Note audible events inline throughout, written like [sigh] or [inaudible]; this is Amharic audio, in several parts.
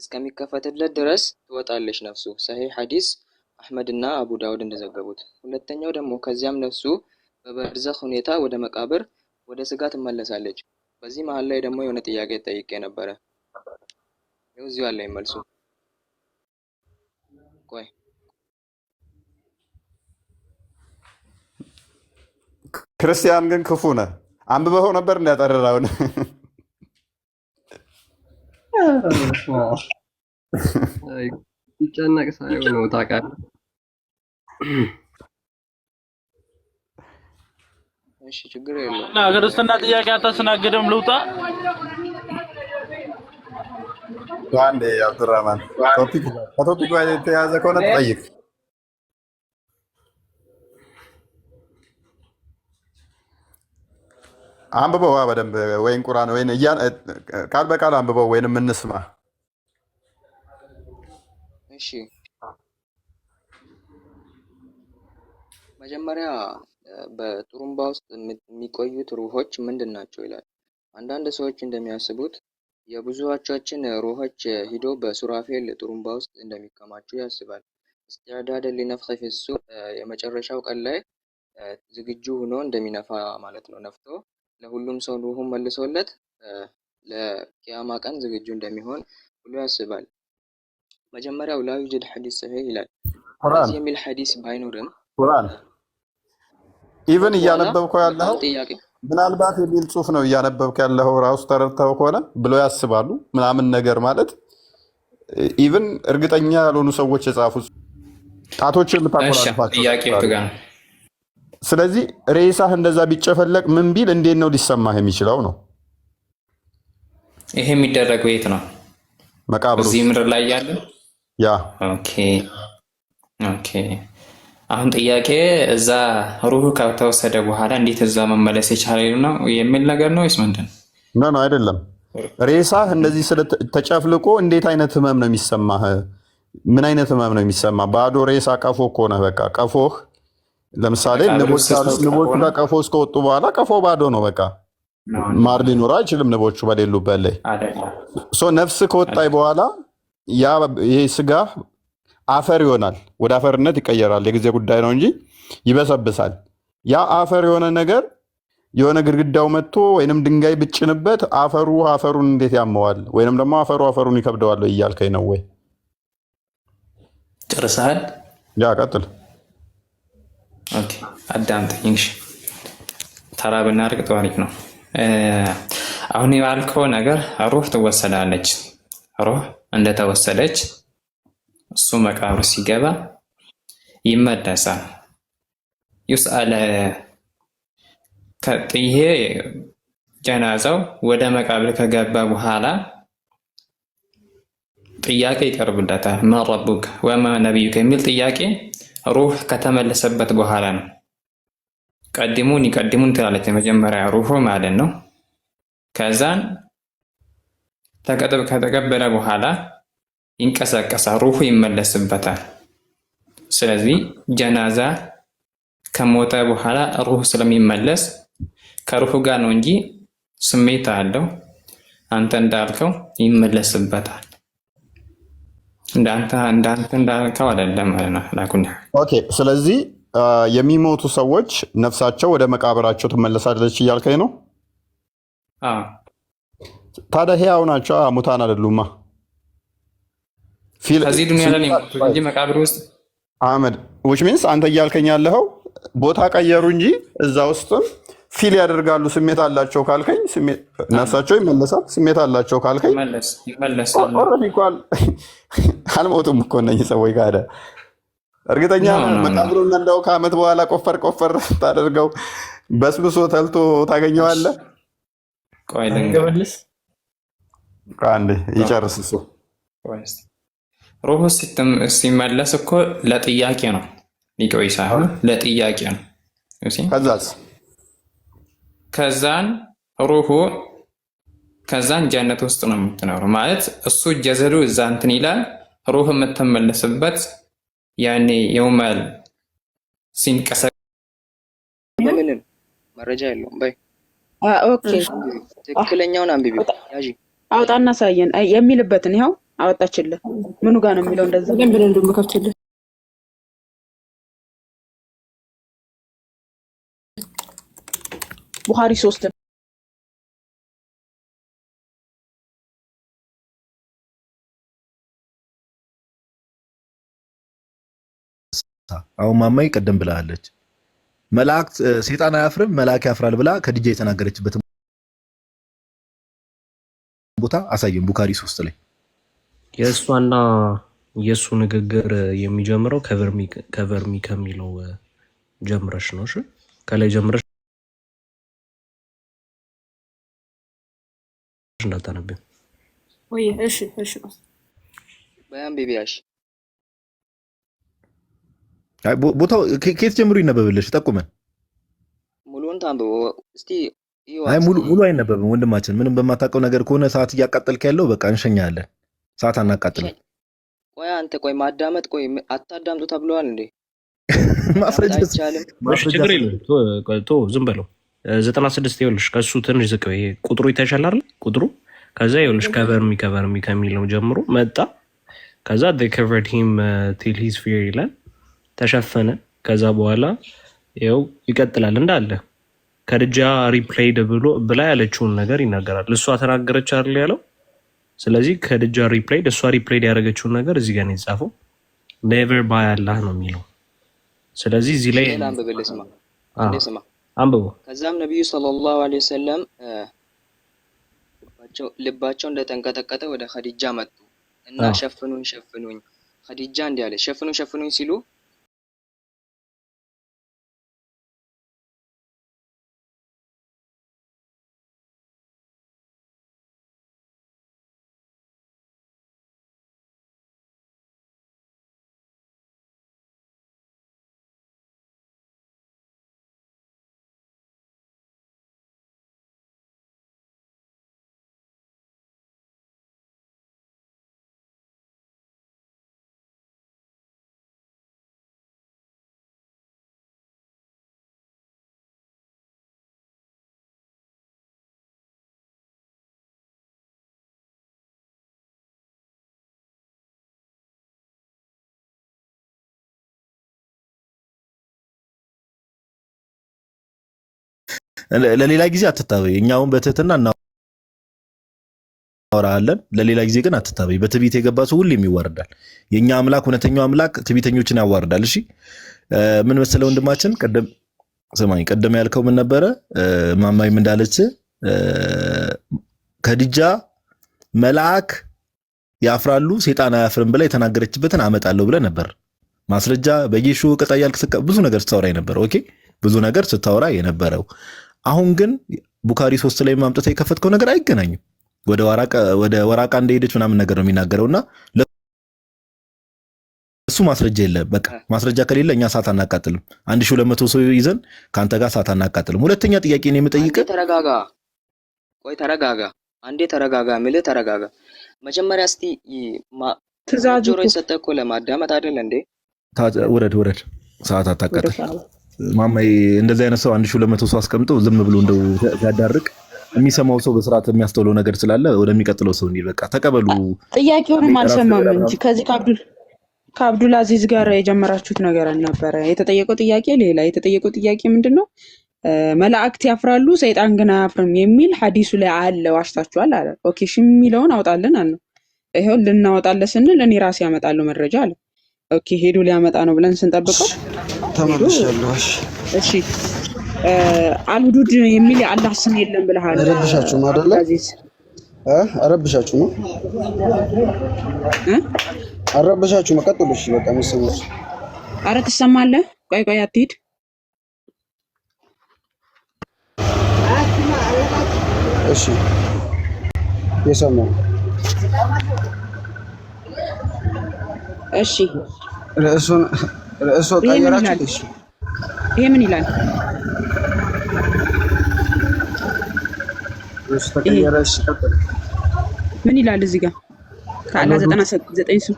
እስከሚከፈትለት ድረስ ትወጣለች ነፍሱ። ሰሂ ሐዲስ አህመድ እና አቡ ዳውድ እንደዘገቡት። ሁለተኛው ደግሞ ከዚያም ነፍሱ በበርዘኽ ሁኔታ ወደ መቃብር ወደ ስጋ ትመለሳለች። በዚህ መሀል ላይ ደግሞ የሆነ ጥያቄ ጠይቄ ነበረ። ይኸው እዚሁ አለ ይመልሱ። ቆይ ክርስቲያን ግን ክፉ ነህ። አንብበው ነበር እንዳጠረራውን [laughs] ሲጨነቅ ሳይሆን ነው ታውቃለህ። ክርስትና ጥያቄ አታስተናግድም? ልውጣ። አንዴ አብዱራህማን ከቶፒክ ጋር የተያያዘ ከሆነ ትጠይቅ። አንብበው በደንብ ወይን ቁራን ወይን ቃል በቃል አንብበው ወይንም እንስማ። እሺ መጀመሪያ በጥሩምባ ውስጥ የሚቆዩት ሩሆች ምንድን ናቸው ይላል። አንዳንድ ሰዎች እንደሚያስቡት የብዙዎቻችን ሩሆች ሂዶ በሱራፌል ጥሩምባ ውስጥ እንደሚከማቹ ያስባል። እስቲዕዳድ ሊነፍኸ ፊሱር የመጨረሻው ቀን ላይ ዝግጁ ሆኖ እንደሚነፋ ማለት ነው ነፍቶ ለሁሉም ሰው ሁ መልሶለት ለቅያማ ቀን ዝግጁ እንደሚሆን ብሎ ያስባል። መጀመሪያው ላ ዩጅድ ሐዲስ ሰሒህ ይላል። ቁርአን የሚል ሐዲስ ባይኖርም ቁርአን ኢቭን ያለው ምናልባት የሚል ጽሁፍ ነው እያነበብክ ያለው ራሱ ተረድተው ከሆነ ብሎ ያስባሉ ምናምን ነገር ማለት ኢቭን እርግጠኛ ያልሆኑ ሰዎች የጻፉ ጣቶች የምታቆላልፋቸው ስለዚህ ሬሳህ እንደዛ ቢጨፈለቅ ምን ቢል እንዴት ነው ሊሰማህ የሚችለው? ነው ይሄ የሚደረገው የት ነው መቃብሩ እዚህ ምድር ላይ ያለ ያ አሁን ጥያቄ እዛ ሩህ ከተወሰደ በኋላ እንዴት እዛ መመለስ የቻለ ነው የሚል ነገር ነው ወይስ ምንድን ነው? አይደለም። ሬሳህ እንደዚህ ስለተጨፍልቆ እንዴት አይነት ህመም ነው የሚሰማህ? ምን አይነት ህመም ነው የሚሰማ? ባዶ ሬሳ ቀፎ ከሆነ በቃ ቀፎህ ለምሳሌ ንቦቹ ከቀፎ እስከወጡ በኋላ ቀፎ ባዶ ነው። በቃ ማር ሊኖር አይችልም ንቦቹ በሌሉበት ላይ ነፍስ ከወጣይ በኋላ ይህ ስጋ አፈር ይሆናል፣ ወደ አፈርነት ይቀየራል። የጊዜ ጉዳይ ነው እንጂ ይበሰብሳል። ያ አፈር የሆነ ነገር የሆነ ግድግዳው መጥቶ ወይንም ድንጋይ ብጭንበት አፈሩ አፈሩን እንዴት ያመዋል? ወይንም ደግሞ አፈሩ አፈሩን ይከብደዋል እያልከኝ ነው ወይ? ጨርሰሃል? ያ ቀጥል አዳምጠኝሽ ተራ ብናርቅ ጠዋሪፍ ነው። አሁን የባልከው ነገር ሩህ ትወሰዳለች። ሩህ እንደተወሰደች እሱ መቃብር ሲገባ ይመለሳል። ዩስአለ ከጥዬ ጀናዛው ወደ መቃብር ከገባ በኋላ ጥያቄ ይቀርብለታል። መን ረቡክ ወማ ነቢዩክ የሚል ጥያቄ ሩህ ከተመለሰበት በኋላ ነው። ቀድሙን ይቀድሙን ትላለች መጀመሪያ ሩሁ ማለት ነው። ከዛን ከተቀበለ በኋላ ይንቀሳቀሳል፣ ሩሁ ይመለስበታል። ስለዚህ ጀናዛ ከሞተ በኋላ ሩህ ስለሚመለስ ከሩህ ጋር ነው እንጂ ስሜት አለው። አንተ እንዳልከው ይመለስበታል። እንዳንተ እንዳልከው አይደለም ማለት ነው። ላኩን ኦኬ። ስለዚህ የሚሞቱ ሰዎች ነፍሳቸው ወደ መቃብራቸው ትመለሳለች እያልከኝ ነው። ታዲያ ህያው ናቸው፣ ሙታን አይደሉማ። ከዚህ ዱኒያ ላይ ነው እንጂ መቃብር ውስጥ አህመድ፣ ዊች ሚንስ አንተ እያልከኝ ያለኸው ቦታ ቀየሩ እንጂ እዛ ውስጥም ፊል ያደርጋሉ። ስሜት አላቸው ካልከኝ ነፍሳቸው ይመለሳል። ስሜት አላቸው ካልከኝ ኦልሬዲ እኮ [laughs] አልሞቱም እኮ እነኝህ ሰዎች። ካደ እርግጠኛ መቃብሩን እንደው ከዓመት በኋላ ቆፈር ቆፈር ታደርገው በስብሶ ተልቶ ታገኘዋለ። አንድ ይጨርስ እሱ ሩህ ሲመለስ እኮ ለጥያቄ ነው፣ ሊቆይ ሳይሆን ለጥያቄ ነው። ከዛስ ከዛን ሩሁ ከዛን ጀነት ውስጥ ነው የምትኖሩ ማለት እሱ ጀዘሉ እዛ እንትን ይላል። ሩህ የምትመለስበት ያኔ የውመል ሲንቀሰ ምንም መረጃ የለውም። በይ ትክክለኛውን አንብቢ አውጣና ሳየን የሚልበትን ይኸው አወጣችልህ። ምኑ ጋር ነው የሚለው እንደዚህ ብሎ እንደምከፍትልን ቡሃሪ ሶስት አሁን ማማይ ቀደም ብላለች። መላእክት ሴጣን አያፍርም መላእክ ያፍራል ብላ ከድጃ የተናገረችበት ቦታ አሳየን። ቡካሪ ሶስት ላይ የእሷና የእሱ ንግግር የሚጀምረው ከቨርሚ ከሚለው ጀምረሽ ነው። እሺ ከላይ ጀምረሽ እንዳታነብም ወይ እሺ፣ እሺ ቦታው ከየት ጀምሮ ይነበብልሽ? ጠቁመን ሙሉን ታንብቦ እስቲ። አይ ሙሉ ሙሉ አይነበብም ወንድማችን፣ ምንም በማታውቀው ነገር ከሆነ ሰዓት እያቃጠልክ ያለው በቃ እንሸኛለን። ሰዓት አናቃጥልም። ቆይ አንተ ቆይ ማዳመጥ ቆይ አታዳምጡ ተብለዋል እንዴ? ማስረጃ ዝም በለው ዘጠና ስድስት ይኸውልሽ፣ ከሱ ትንሽ ዝቅ ቁጥሩ ይተሻላል። ቁጥሩ ከዛ ይኸውልሽ ከቨር ሚ ሚ ከሚለው ጀምሮ መጣ። ከዛ ከቨርድ ሂም ቲል ሂዝ ፊር ይላል፣ ተሸፈነ። ከዛ በኋላ ይኸው ይቀጥላል እንዳለ ከድጃ ሪፕላይድ ብሎ ብላ ያለችውን ነገር ይናገራል። እሷ ተናገረች አይደል ያለው። ስለዚህ ከድጃ ሪፕላይድ እሷ ሪፕላይድ ያደረገችውን ነገር እዚህ ጋር የጻፈው። ኔቨር ባይ አላህ ነው የሚለው። ስለዚህ እዚህ ላይ ስማ አንብቡ። ከዛም ነቢዩ ሰለላሁ ዐለይሂ ወሰለም ልባቸው እንደተንቀጠቀጠ ወደ ኸዲጃ መጡ እና ሸፍኑኝ ሸፍኑኝ ኸዲጃ እንዲህ አለች። ሸፍኑኝ ሸፍኑኝ ሲሉ ለሌላ ጊዜ አትታበይ። እኛውን በትህትና እናወራለን። ለሌላ ጊዜ ግን አትታበይ። በትቢት የገባ ሰው ሁሌም ይዋርዳል። የእኛ አምላክ እውነተኛው አምላክ ትቢተኞችን ያዋርዳል። እሺ ምን መሰለ ወንድማችን፣ ቀደም ስማኝ፣ ቀደም ያልከው ምን ነበረ? ማማይም እንዳለች ከድጃ መልአክ ያፍራሉ ሴጣን አያፍርም ብላ የተናገረችበትን አመጣለሁ ብለ ነበር። ማስረጃ በጌሾ ቅጣ እያልክ ብዙ ነገር ስታወራ የነበረ ኦኬ፣ ብዙ ነገር ስታወራ የነበረው አሁን ግን ቡካሪ ሶስት ላይ ማምጠት የከፈትከው ነገር አይገናኝም። ወደ ወራቃ እንደሄደች ምናምን ነገር ነው የሚናገረው እና እሱ ማስረጃ የለ በቃ ማስረጃ ከሌለ እኛ ሰዓት አናቃጥልም። አንድ ሺ ሁለት መቶ ሰው ይዘን ከአንተ ጋር ሰዓት አናቃጥልም። ሁለተኛ ጥያቄ ነው የምጠይቅህ። ተረጋጋ፣ ቆይ ተረጋጋ፣ አንዴ ተረጋጋ፣ ምልህ ተረጋጋ። መጀመሪያ እስቲ ጆሮ የሰጠህ እኮ ለማዳመጥ አይደለ እንዴ? ውረድ፣ ውረድ፣ ሰዓት አታቃጥል። ማማይ እንደዚህ አይነት ሰው አንድ ሺህ ሁለት መቶ ሰው አስቀምጦ ዝም ብሎ እንደው ሲያዳርቅ የሚሰማው ሰው በስርዓት የሚያስተውለው ነገር ስላለ ወደሚቀጥለው ሰው እንሂድ። በቃ ተቀበሉ። ጥያቄውንም አልሰማም እንጂ ከዚህ ከአብዱል አዚዝ ጋር የጀመራችሁት ነገር አልነበረ። የተጠየቀው ጥያቄ ሌላ። የተጠየቀው ጥያቄ ምንድን ነው? መላእክት ያፍራሉ ሰይጣን ግን አያፍርም የሚል ሀዲሱ ላይ አለ። ዋሽታችኋል አለ። ኦኬ ሽ የሚለውን አውጣልን አለ። ይኸው ልናወጣለ ስንል እኔ ራሴ ያመጣለው መረጃ አለ። ኦኬ ሄዱ ሊያመጣ ነው ብለን ስንጠብቀው ተመልሻለሁ። እሺ አልሁዱድ የሚል የአላህ ስም የለም ብለሃል። ረብሻችሁም አይደለ? አረብሻችሁ ነው አረብሻችሁ መቀጠሉሽ በቃ መሰሞች አረ ትሰማለህ። ቆይ ቆይ አትሂድ። እሺ የሰማው እሺ ርዕሱን ርዕሱ ቀይራችሁ። እሺ ይሄ ምን ይላል? ርዕሱ ተቀየረ። እሺ ምን ይላል እዚህ ጋር? ከአላ ዘጠና ዘጠኝ ስም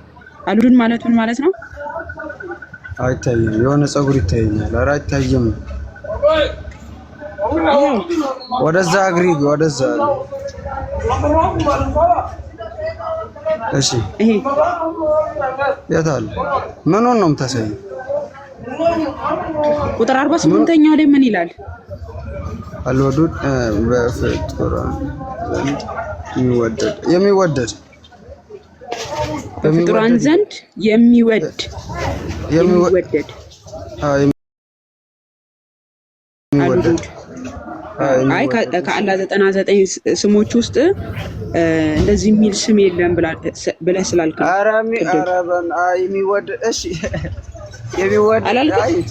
አሉድን ማለት ምን ማለት ነው? አይታይም። የሆነ ፀጉር ይታየኛል። ኧረ አይታይም። ወደዛ አግሪ፣ ወደዛ እሺ፣ ይሄ የት አለ? ምኑን ነው የምታሳየው? ቁጥር 48ኛው ላይ ምን ይላል? አልወዱድ በፍጡራን ዘንድ የሚወደድ የሚወደድ በፍጡራን ዘንድ የሚወድ የሚወደድ አዎ፣ የሚወደድ አይ ከአላህ ዘጠና ዘጠኝ ስሞች ውስጥ እንደዚህ የሚል ስም የለም ብለህ ስላልክ አላልክም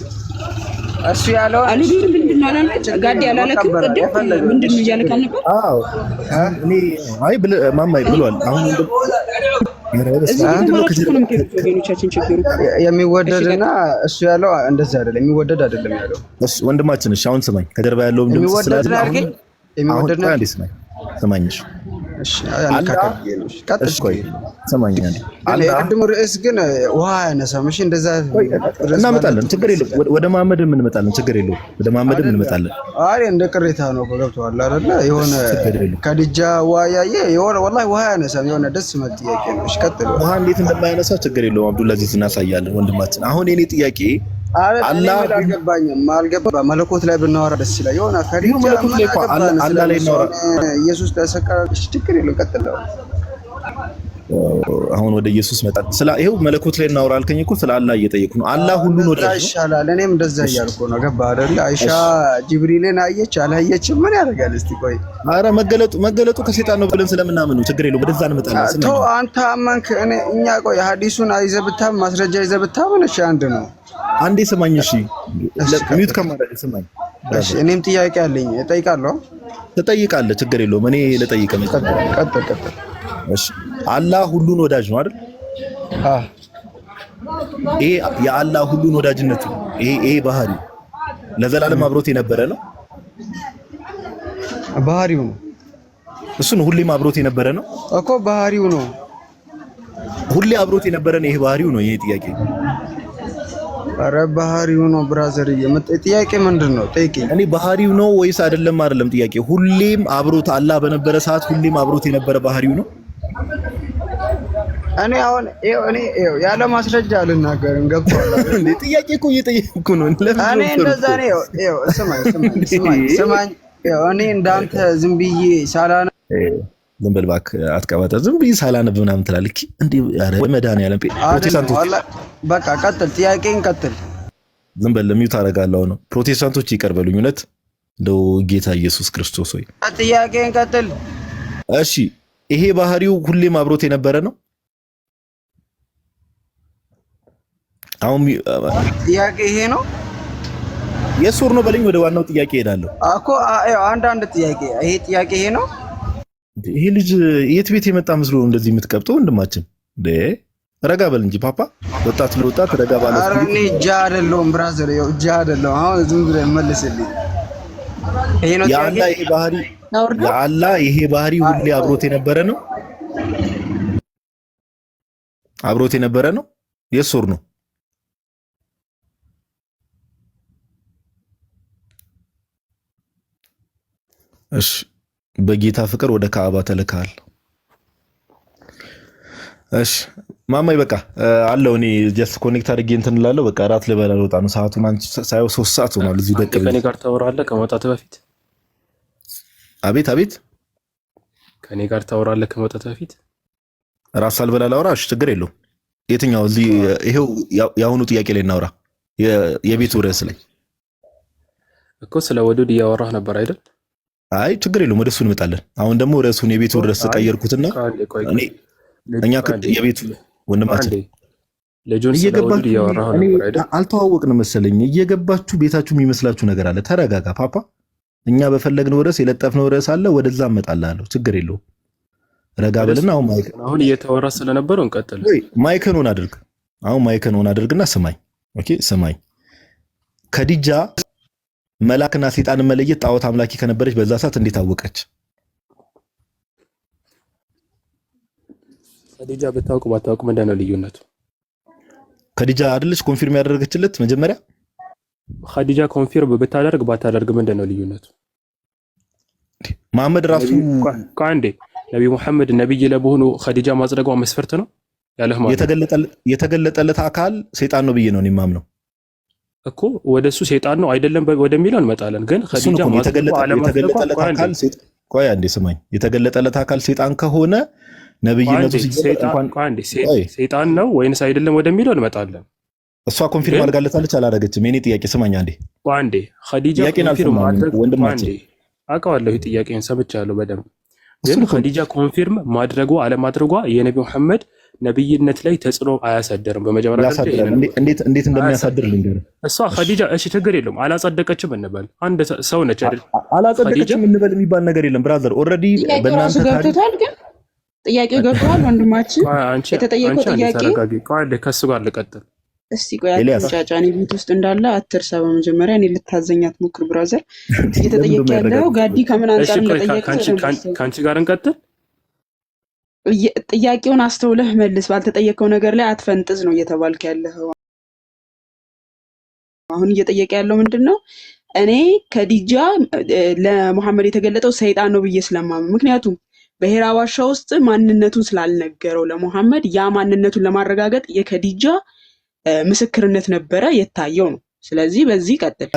እሱ ያለው አልሄድም። ምንድን ነው አላለች? ጋዴ አላለክም? ቅድም ምንድን ነው እያልክ አልነበረ? አዎ እኔ አይ ብሏል። አሁን የሚወደድና እሱ ያለው እንደዚህ አይደለም። የሚወደድ አይደለም ያለው ወንድማችን። እሺ አሁን ስማኝ፣ ከጀርባ ያለው የሚወደድ ነው። ስማኝ፣ ስማኝ ቅድሙ ርዕስ ግን ውሃ ያነሳም። እሺ እንደዛ እናመጣለን፣ ችግር ወደ እንመጣለን፣ ችግር ወደ እንመጣለን። አይ እንደ ቅሬታ ነው ገብቶሃል አይደለ? የሆነ ከድጃ ውሃ ያየ የሆነ ወላሂ ውሃ የሆነ ደስ ጥያቄ ነው። እሺ ቀጥል። ውሃ እንዴት እንደማያነሳ ችግር የለውም። አብዱላዚዝ እናሳያለን ወንድማችን። አሁን የኔ ጥያቄ አላህ አልገባ መለኮት ላይ ብናወራ ደስ ይላል። የሆነ ኢየሱስ ተሰቀለ። ችግር የለም ቀጥለው አሁን ወደ ኢየሱስ መጣን። ስለ ይሄው መለኮት ላይ እናውራ አልከኝ እኮ ስለ አላህ እየጠየኩ ነው። አላህ ሁሉን ወደ ይሻላል። እኔም እንደዛ እያልኩ ነው። ገባ አይደል? አይሻ ጅብሪልን አየች አላየችም ምን ያደርጋል? እስቲ ቆይ፣ ኧረ መገለጡ መገለጡ ከሴጣን ነው ብለን ስለምናምን ነው። ችግር የለውም። ወደዛ እንመጣለን። ተው አንተ አመንክ። እኔ እኛ ቆይ፣ ሀዲሱን አይዘብታም ማስረጃ ይዘህ ብታምን እሺ፣ አንድ ነው። አንዴ ስማኝ፣ እሺ፣ ሚዩት ከማድረግ ስማኝ። እኔም ጥያቄ አለኝ እጠይቃለሁ። ትጠይቃለህ፣ ችግር የለውም። እኔ ልጠይቅህ። ቀጥል ቀጥል። እሺ አላህ ሁሉን ወዳጅ ነው አይደል? ይሄ የአላህ ሁሉን ወዳጅነት ነው። ይሄ ይሄ ለዘላለም አብሮት የነበረ ነው። ባህሪው ነው እሱ ነው። ሁሌም አብሮት የነበረ ነው እኮ ባህሪው ነው። ሁሌ አብሮት የነበረ ነው። ይሄ ባህሪው ነው። ይሄ ጥያቄ አረ ባህሪው ነው ብራዘር። የመጣ ጥያቄ ምንድን ነው? ጠይቂ። እኔ ባህሪው ነው ወይስ አይደለም? አይደለም ጥያቄ። ሁሌም አብሮት አላህ በነበረ ሰዓት ሁሌም አብሮት የነበረ ባህሪው ነው እኔ አሁን እኔ ያለ ማስረጃ አልናገርም። ገብቶሃል? ጥያቄ እኮ እየጠየኩ ነው። እኔ እንደዛ ነው። ስማኝ፣ እኔ እንዳንተ ዝም ብዬ ሳላነ ዝም በል እባክህ፣ አትቀባጠር። ዝም ብዬ ሳላነብ ምናምን ትላለህ። እንዲህ መድኃኒዓለም በቃ ቀጥል፣ ጥያቄን ቀጥል። ዝም በል ሚዩት አደርጋለሁ ነው። ፕሮቴስታንቶች ይቅር በሉኝ። እውነት እንደው ጌታ ኢየሱስ ክርስቶስ ወይ ጥያቄን ቀጥል። እሺ ይሄ ባህሪው ሁሌም አብሮት የነበረ ነው። አሁን ጥያቄ ይሄ ነው። የሱር ነው በለኝ። ወደ ዋናው ጥያቄ ሄዳለሁ እኮ አንዳንድ ጥያቄ ይሄ ጥያቄ ይሄ ነው። ይሄ ልጅ የት ቤት የመጣ ምስሉ እንደዚህ የምትቀብጠው ወንድማችን? ረጋ በል እንጂ ፓፓ። ወጣት ለወጣት ረጋ ባለ ኧረ እኔ እጃ አይደለሁም ብራዘር፣ ያው እጃ አይደለሁም። አሁን ዝም ብለህ መልስልኝ። ይሄ ነው ይሄ ባህሪ ለአላ ይሄ ባህሪ ሁሌ አብሮት የነበረ ነው። አብሮት የነበረ ነው። የሱር ነው። እሺ፣ በጌታ ፍቅር ወደ ካዕባ ተልካል። እሺ ማማይ በቃ አለው። እኔ ጀስት ኮኔክት አድርጌ እንትን እላለሁ። በቃ እራት ልበላ ልወጣ ነው። ሰዓቱን አንቺ ሳይሆን ሶስት ሰዓት ሆኗል። እዚሁ ደቅ ከኔ ጋር ታወራለህ ከመውጣት በፊት አቤት አቤት። ከእኔ ጋር ታወራለህ ከመውጣት በፊት ራስ አልበላ ላውራ። እሺ ችግር የለውም። የትኛው እዚህ ይሄው የአሁኑ ጥያቄ ላይ እናውራ። የቤቱ ርዕስ ላይ እኮ ስለ ወዱድ እያወራህ ነበር አይደል? አይ ችግር የለውም። ወደሱ እንመጣለን። አሁን ደግሞ ርዕሱን የቤቱን ርዕስ ቀየርኩትና እኛ የቤቱ ወንድማችን ልጁን ስለ ወዱድ እያወራህ ነበር አይደል? አልተዋወቅንም መሰለኝ። እየገባችሁ ቤታችሁ የሚመስላችሁ ነገር አለ። ተረጋጋ ፓፓ እኛ በፈለግነው ርዕስ የለጠፍነው ርዕስ አለ፣ ወደዛ እመጣላለሁ። ችግር የለውም። ረጋ ብልና አሁን ማይክ አሁን እየተወራ ስለነበረው እንቀጥል። ማይክን ሆን አድርግ። አሁን ማይክን ሆን አድርግና ስማኝ። ኦኬ ስማኝ። ከዲጃ መላክና ሴጣን መለየት ጣዖት አምላኪ ከነበረች በዛ ሰዓት እንዴት አወቀች? ከዲጃ ብታውቅ ባታውቅ ምንድን ነው ልዩነቱ? ከዲጃ አይደለች ኮንፊርም ያደረገችለት መጀመሪያ ኸዲጃ ኮንፊርም ብታደርግ ባታደርግ ምንድን ነው ልዩነቱ? መሐመድ ራሱ ከአንዴ ነቢ ሙሐመድ ነቢይ ለመሆኑ ኸዲጃ ማጽደቋ መስፈርት ነው ያለህ ማለት የተገለጠለት አካል ሴጣን ነው ብዬ ነው የማምነው እኮ ወደ እሱ ሴጣን ነው አይደለም ወደሚለው እንመጣለን። ግን ኸዲጃ የተገለጠለት ስማኝ። የተገለጠለት አካል ሴጣን ከሆነ ነብይነቱ ሴጣን ነው ወይንስ አይደለም ወደሚለው እንመጣለን። እሷ ኮንፊርም አድርጋለታለች አላደረገችም? የኔ ጥያቄ ስማኝ አንዴ አንዴ ኸዲጃ ኮንፊርም ማድረግ ወንድማችን አውቀዋለሁ ጥያቄን ሰምቻለሁ በደንብ ግን ከዲጃ ኮንፊርም ማድረጓ አለማድረጓ የነቢ መሐመድ ነብይነት ላይ ተጽዕኖ አያሳደርም። በመጀመሪያ እንዴት እንደሚያሳድር ልንገር። እሷ ከዲጃ እሺ፣ ችግር የለም አላጸደቀችም እንበል፣ አንድ ሰው ነች አይደል? አላጸደቀችም እንበል የሚባል ነገር የለም ብራዘር። ኦልሬዲ በእናንተ ታሪክ ግን ጥያቄው ገብቶሃል ወንድማችን። የተጠየቀው ጥያቄ ከሱ ጋር ልቀጥል እስቲ ቆይ ጫጫኔ ቤት ውስጥ እንዳለ አትርሳ። በመጀመሪያ እኔ ልታዘኛት ሞክር ብራዘር። [laughs] እየተጠየቅ ያለው ጋዲ ከምን አንጻር እንደጠየቀ ከአንቺ ጋር እንቀጥል። ጥያቄውን አስተውለህ መልስ። ባልተጠየቀው ነገር ላይ አትፈንጥዝ ነው እየተባልክ ያለው። አሁን እየጠየቀ ያለው ምንድን ነው? እኔ ከዲጃ ለመሐመድ የተገለጠው ሰይጣን ነው ብዬ ስለማመን ምክንያቱም ብሔራ ዋሻ ውስጥ ማንነቱን ስላልነገረው ለመሐመድ ያ ማንነቱን ለማረጋገጥ የከዲጃ ምስክርነት ነበረ የታየው ነው። ስለዚህ በዚህ ቀጥል።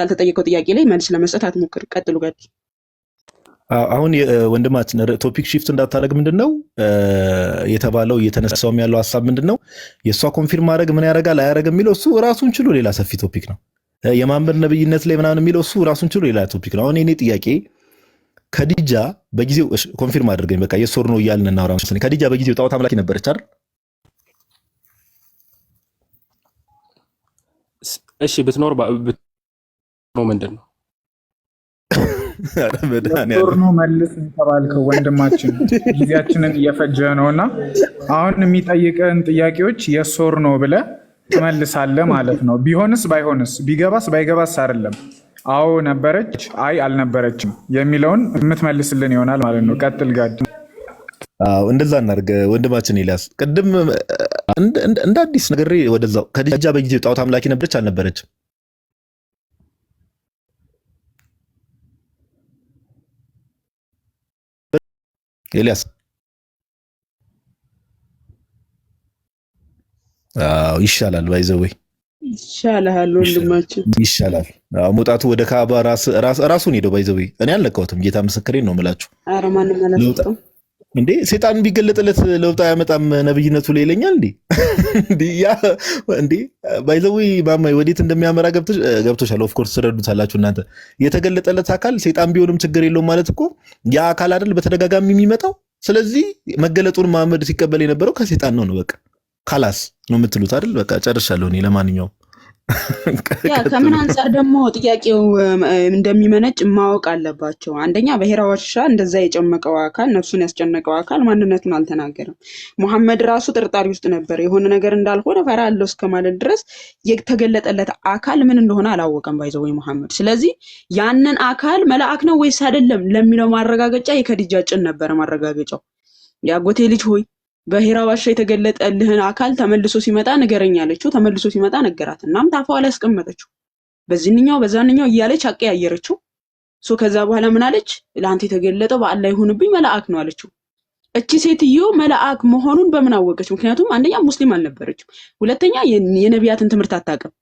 ያልተጠየቀው ጥያቄ ላይ መልስ ለመስጠት አትሞክር። ቀጥሉ፣ ቀጥል። አሁን ወንድማችን ቶፒክ ሺፍት እንዳታደረግ ምንድን ነው የተባለው? እየተነሳውም ያለው ሀሳብ ምንድን ነው? የእሷ ኮንፊርም ማድረግ ምን ያደርጋል አያደረግ የሚለው እሱ ራሱን ችሎ ሌላ ሰፊ ቶፒክ ነው። የማንበር ነብይነት ላይ ምናምን የሚለው እሱ ራሱን ችሎ ሌላ ቶፒክ ነው። አሁን የኔ ጥያቄ ከዲጃ በጊዜው ኮንፊርም አድርገኝ፣ በቃ የሶር ነው እያልን እናውራ። ከዲጃ በጊዜው ጣዖት አምላኪ ነበረች አይደል? እሺ ብትኖር ነው ምንድን ነው [laughs] ኖ መልስ የተባልከው ወንድማችን ጊዜያችንን እየፈጀ ነው እና አሁን የሚጠይቀን ጥያቄዎች የሶር ነው ብለ ትመልሳለ ማለት ነው። ቢሆንስ ባይሆንስ ቢገባስ ባይገባስ አይደለም። አዎ ነበረች፣ አይ አልነበረችም የሚለውን የምትመልስልን ይሆናል ማለት ነው። ቀጥል ጋድ። እንደዛ እናድርግ ወንድማችን ኤልያስ ቅድም እንደ አዲስ ነገር ወደዛው ከዲጃ በጊዜ ጣዖት አምላኪ ነበረች አልነበረችም? ኤልያስ ይሻላል፣ ባይዘወይ ይሻላል፣ ወንድማችን ይሻላል። መውጣቱ ወደ ካባ ራሱን ሄደው ባይዘወይ እኔ አልለቀውትም። ጌታ ምስክሬን ነው የምላችሁ። እንዴ ሴጣን ቢገለጥለት ለውጥ አያመጣም ነብይነቱ ላይ ይለኛል። እንዴ ያ እንዴ ባይዘዊ ማማይ ወዴት እንደሚያመራ ገብቶሻል። ኦፍኮርስ ትረዱታላችሁ እናንተ። የተገለጠለት አካል ሴጣን ቢሆንም ችግር የለውም ማለት እኮ ያ አካል አይደል በተደጋጋሚ የሚመጣው። ስለዚህ መገለጡን መሐመድ ሲቀበል የነበረው ከሴጣን ነው ነው በቃ ካላስ ነው የምትሉት አይደል? በቃ ጨርሻለሁ እኔ ለማንኛውም [laughs] ከምን አንጻር ደግሞ ጥያቄው እንደሚመነጭ ማወቅ አለባቸው። አንደኛ በሄራ ዋሻ እንደዛ የጨመቀው አካል ነፍሱን ያስጨነቀው አካል ማንነቱን አልተናገረም። ሙሐመድ ራሱ ጥርጣሪ ውስጥ ነበር። የሆነ ነገር እንዳልሆነ ፈራ አለው እስከ ማለት ድረስ የተገለጠለት አካል ምን እንደሆነ አላወቀም። ባይዘ ወይ ሙሐመድ። ስለዚህ ያንን አካል መልአክ ነው ወይስ አይደለም ለሚለው ማረጋገጫ የከዲጃ ጭን ነበረ ማረጋገጫው። የአጎቴ ልጅ ሆይ በሄራ ዋሻ የተገለጠልህን አካል ተመልሶ ሲመጣ ንገረኝ አለችው። ተመልሶ ሲመጣ ነገራት። እናም ታፏ ላይ አስቀመጠችው። በዚህኛው በዛንኛው እያለች አቀያየረችው። ሶ ከዛ በኋላ ምን አለች? ለአንተ የተገለጠው በአላህ ይሁንብኝ መልአክ ነው አለችው። እቺ ሴትዮ መልአክ መሆኑን በምን አወቀች? ምክንያቱም አንደኛ ሙስሊም አልነበረችም፣ ሁለተኛ የነቢያትን ትምህርት አታውቅም።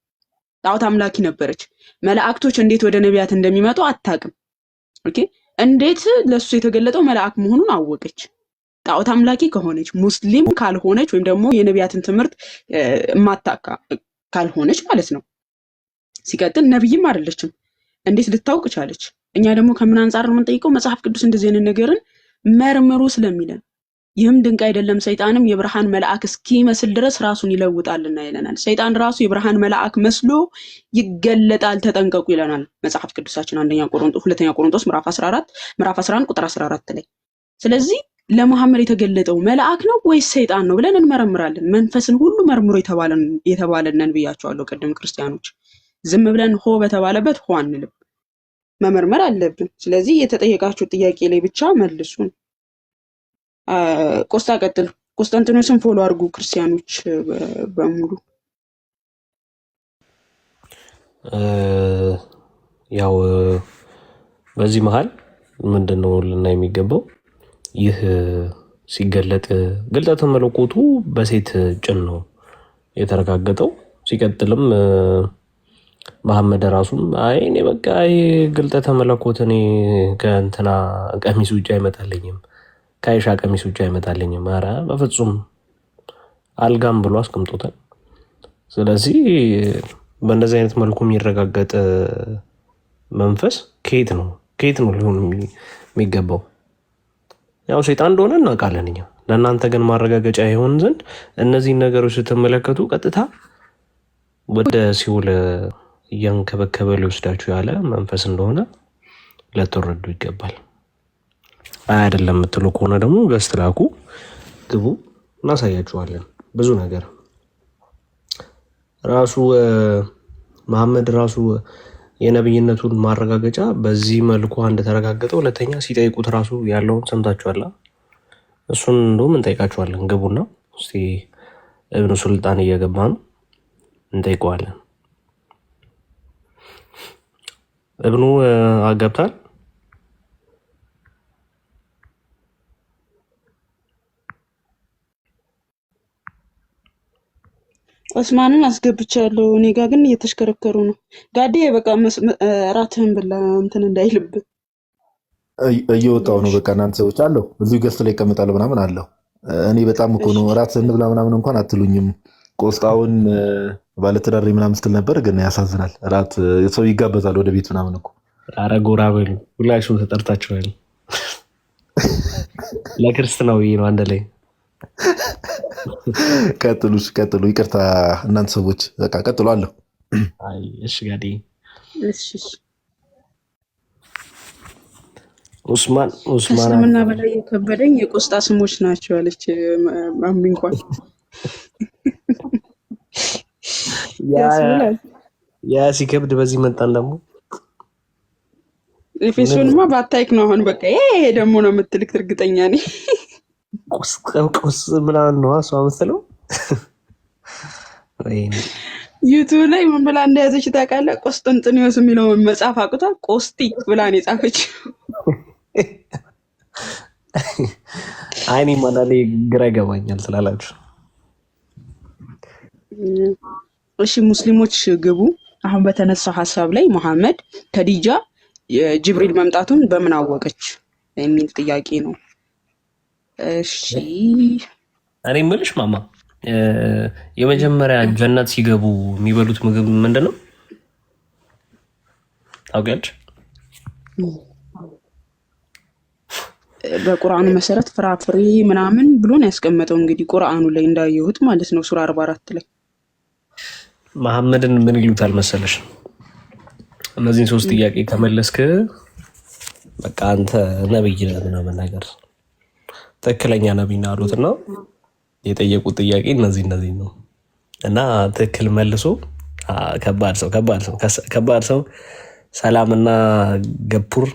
ጣዖት አምላኪ ነበረች። መላእክቶች እንዴት ወደ ነቢያት እንደሚመጡ አታውቅም። ኦኬ እንዴት ለሱ የተገለጠው መልአክ መሆኑን አወቀች? ጣዖት አምላኪ ከሆነች ሙስሊም ካልሆነች ወይም ደግሞ የነቢያትን ትምህርት ማታካ ካልሆነች ማለት ነው። ሲቀጥል ነቢይም አይደለችም። እንዴት ልታውቅ ቻለች? እኛ ደግሞ ከምን አንጻር ነው የምንጠይቀው? መጽሐፍ ቅዱስ እንደዚህ አይነት ነገርን መርምሩ ስለሚለን ይህም ድንቅ አይደለም፣ ሰይጣንም የብርሃን መልአክ እስኪመስል ድረስ ራሱን ይለውጣልና ይለናል። ሰይጣን ራሱ የብርሃን መልአክ መስሎ ይገለጣል፣ ተጠንቀቁ ይለናል መጽሐፍ ቅዱሳችን አንደኛ ቆሮንጦስ ሁለተኛ ቆሮንጦስ ምዕራፍ 14 ምዕራፍ 11 ቁጥር 14 ላይ ስለዚህ ለመሐመድ የተገለጠው መልአክ ነው ወይስ ሰይጣን ነው ብለን እንመረምራለን። መንፈስን ሁሉ መርምሮ የተባለነን ብያቸዋለሁ ቅድም ክርስቲያኖች። ዝም ብለን ሆ በተባለበት ሆ አንልም፣ መመርመር አለብን። ስለዚህ የተጠየቃችሁ ጥያቄ ላይ ብቻ መልሱን። ቆስጣ ቀጥል። ቆስጠንጢኖስን ፎሎ አድርጉ ክርስቲያኖች በሙሉ። ያው በዚህ መሀል ምንድን ነው ልና የሚገባው ይህ ሲገለጥ ግልጠተ መለኮቱ በሴት ጭን ነው የተረጋገጠው። ሲቀጥልም መሐመድ ራሱም አይ እኔ በቃ ይሄ ግልጠተ መለኮት እኔ ከእንትና ቀሚስ ውጭ አይመጣልኝም፣ ከአይሻ ቀሚስ ውጭ አይመጣልኝም፣ ኧረ በፍጹም አልጋም ብሎ አስቀምጦታል። ስለዚህ በእንደዚህ አይነት መልኩ የሚረጋገጥ መንፈስ ከየት ነው ከየት ነው ሊሆን የሚገባው? ያው ሴጣን እንደሆነ እናውቃለን እኛ። ለእናንተ ግን ማረጋገጫ የሆን ዘንድ እነዚህን ነገሮች ስትመለከቱ ቀጥታ ወደ ሲውል እያንከበከበ ሊወስዳችሁ ያለ መንፈስ እንደሆነ ለተረዱ ይገባል። አይ አይደለም የምትሉ ከሆነ ደግሞ በስትላኩ ግቡ፣ እናሳያችኋለን ብዙ ነገር ራሱ መሐመድ ራሱ የነብይነቱን ማረጋገጫ በዚህ መልኩ እንደተረጋገጠ፣ ሁለተኛ ሲጠይቁት ራሱ ያለውን ሰምታችኋላ። እሱን እንደውም እንጠይቃችኋለን። ግቡና እብኑ ሱልጣን እየገባ ነው፣ እንጠይቀዋለን። እብኑ አገብታል ኦስማንን አስገብቻለሁ። እኔ ጋ ግን እየተሽከረከሩ ነው። ጋዴ በቃ ራትህን ብላ እንትን እንዳይልብ እየወጣው ነው። በቃ እናንተ ሰዎች አለው እዚሁ ገዝቶ ላይ ይቀመጣል ምናምን አለው። እኔ በጣም እኮ ነው እራት እንብላ ምናምን እንኳን አትሉኝም። ቆስጣውን ባለትዳሪ ምናምን ስትል ነበር፣ ግን ያሳዝናል። እራት ሰው ይጋበዛል ወደ ቤት ምናምን እኮ። ኧረ ጎራ በሉ ሁላችሁም ተጠርታችኋል። ለክርስትናው ነው አንድ ላይ ቀጥሉ ቀጥሉ። ይቅርታ እናንተ ሰዎች በቃ ቀጥሉ አለሁ። እሺ ጋዴ ኡስማን ኡስማን ምና በላይ የከበደኝ የቆስጣ ስሞች ናቸው አለች። አምቢ እንኳን ያ ሲከብድ በዚህ መጣን። ደግሞ ኤፌሶንማ ባታይክ ነው አሁን በቃ ይሄ ደግሞ ነው የምትልክት እርግጠኛ ነኝ። ቁስቁስ ምናምን ነዋ እሷ የምትለው። ዩቱብ ላይ ምን ብላ እንደያዘች ታውቃለህ? ቆስጥንጥንዮስ የሚለው መጽሐፍ አቁታ ቆስጢ ብላ ነው የጻፈች። አይኔ ማናሌ ግራ ይገባኛል ስላላችሁ። እሺ ሙስሊሞች ግቡ። አሁን በተነሳው ሀሳብ ላይ መሐመድ ከዲጃ የጅብሪል መምጣቱን በምን አወቀች የሚል ጥያቄ ነው። እሺ እኔ የምልሽ ማማ የመጀመሪያ ጀነት ሲገቡ የሚበሉት ምግብ ምንድን ነው ታውቂያለሽ? በቁርአኑ መሰረት ፍራፍሬ ምናምን ብሎን ያስቀመጠው እንግዲህ ቁርአኑ ላይ እንዳየሁት ማለት ነው ሱራ አርባ አራት ላይ መሐመድን ምን ይሉታል መሰለሽ? እነዚህን ሶስት ጥያቄ ከመለስክ በቃ አንተ ነብይ ነው መናገር ትክክለኛ ነቢና አሉት እና የጠየቁት ጥያቄ እነዚህ እነዚህ ነው እና ትክክል መልሶ ከባድ ሰው ከባድ ሰው ከባድ ሰው ሰላምና ገፑር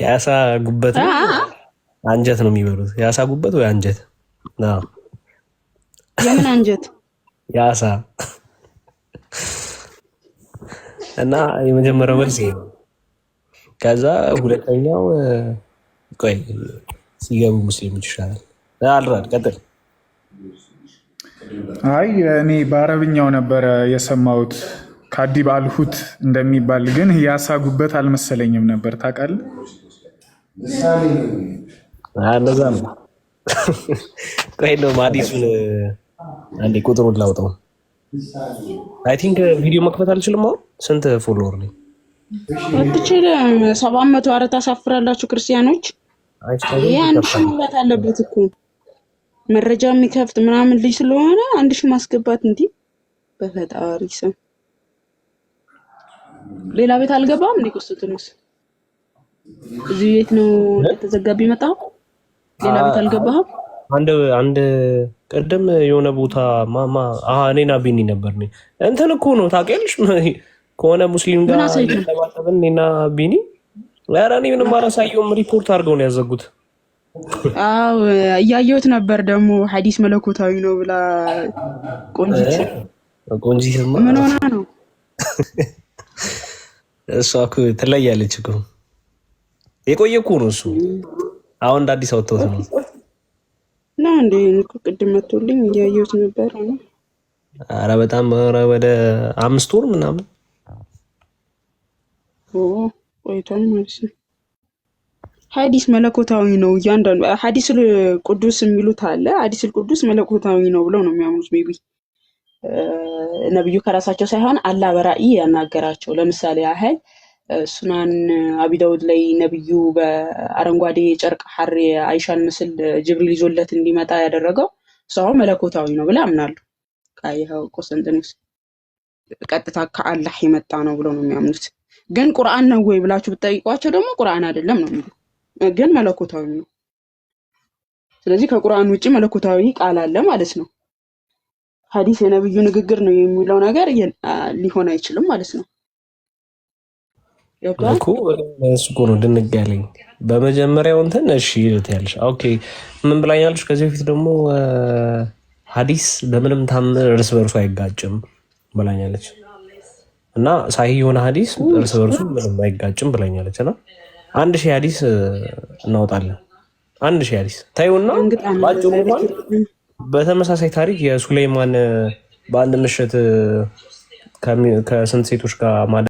የአሳ ጉበት አንጀት ነው የሚበሉት። የአሳ ጉበት ወይ አንጀት? ለምን አንጀት? የአሳ እና የመጀመሪያው መልስ ከዛ ሁለተኛው ቆይ ሲገቡ ሙስሊሞች ይሻላል። አልራድ ቀጥል። አይ እኔ በአረብኛው ነበረ የሰማሁት ከአዲብ አልሁት እንደሚባል ግን ያሳጉበት አልመሰለኝም ነበር። ታውቃለህ እንደዛ ነው። ቆይ እንደውም አዲሱን አንዴ ቁጥሩን ላውጠው። አይ ቲንክ ቪዲዮ መክፈት አልችልም። አሁን ስንት ፎሎወር ነኝ? አትችልም። ሰባት መቶ አረት ታሳፍራላችሁ ክርስቲያኖች አንድ ሺህ አለበት እኮ መረጃ የሚከፍት ምናምን ልጅ ስለሆነ አንድ ማስገባት እንዲህ በፈጣሪ ስም ሌላ ቤት አልገባም እንዴ? ቆስጥንስ እዚህ ቤት ነው ተዘጋቢ መጣው። ሌላ ቤት አልገባህም? አንድ አንድ ቅድም የሆነ ቦታ ማማ አሃ እኔና ቢኒ ነበር እንትን እኮ ነው ታውቂያለሽ፣ ከሆነ ሙስሊም ጋር ተባተብን እኔና ቢኒ ኧረ እኔ ምንም አላሳየውም። ሪፖርት አድርገው ነው ያዘጉት። አዎ እያየሁት ነበር። ደግሞ ሐዲስ መለኮታዊ ነው ብላ ቆንጂት ቆንጂት ምን ሆና ነው? እሷ እኮ ትለያለች እኮ የቆየ እኮ ነው እሱ። አሁን እንደ አዲስ አወጣሁት ነው እና እንደ እኮ ቅድም መቶልኝ እያየሁት ነበር። አረ በጣም ወደ አምስት ወር ምናምን ቆይቷል ማለት ነው። ሐዲስ መለኮታዊ ነው። እያንዳንዱ ሐዲስል ቅዱስ የሚሉት አለ። ሐዲስል ቅዱስ መለኮታዊ ነው ብለው ነው የሚያምኑት። ቢ ነብዩ ከራሳቸው ሳይሆን አላህ በራእይ ያናገራቸው። ለምሳሌ ያህል ሱናን አቢዳውድ ላይ ነብዩ በአረንጓዴ ጨርቅ ሐር የአይሻን ምስል ጅብሪል ይዞለት እንዲመጣ ያደረገው ሰው መለኮታዊ ነው ብለ አምናሉ። ቆስጠንጢኖስ ቀጥታ ከአላህ የመጣ ነው ብለው ነው የሚያምኑት። ግን ቁርአን ነው ወይ ብላችሁ ብትጠይቋቸው ደግሞ ቁርአን አይደለም ነው የሚሉ ግን መለኮታዊ ነው። ስለዚህ ከቁርአን ውጭ መለኮታዊ ቃል አለ ማለት ነው። ሐዲስ የነብዩ ንግግር ነው የሚለው ነገር ሊሆን አይችልም ማለት ነው። እኮ ነው ድንግ ያለኝ በመጀመሪያው እንትን እሺ ይሉት ያለሽ ኦኬ ምን ብላኛለሽ? ከዚህ በፊት ደግሞ ሐዲስ በምንም ታምር እርስ በርሱ አይጋጭም ብላኛለች። እና ሳሂ የሆነ ሀዲስ እርስ በርሱ ምንም አይጋጭም ብለኛለች። እና አንድ ሺህ ሀዲስ እናወጣለን። አንድ ሺህ ሀዲስ ታዩና ባጭሩ እንኳን በተመሳሳይ ታሪክ የሱሌይማን በአንድ ምሽት ከስንት ሴቶች ጋር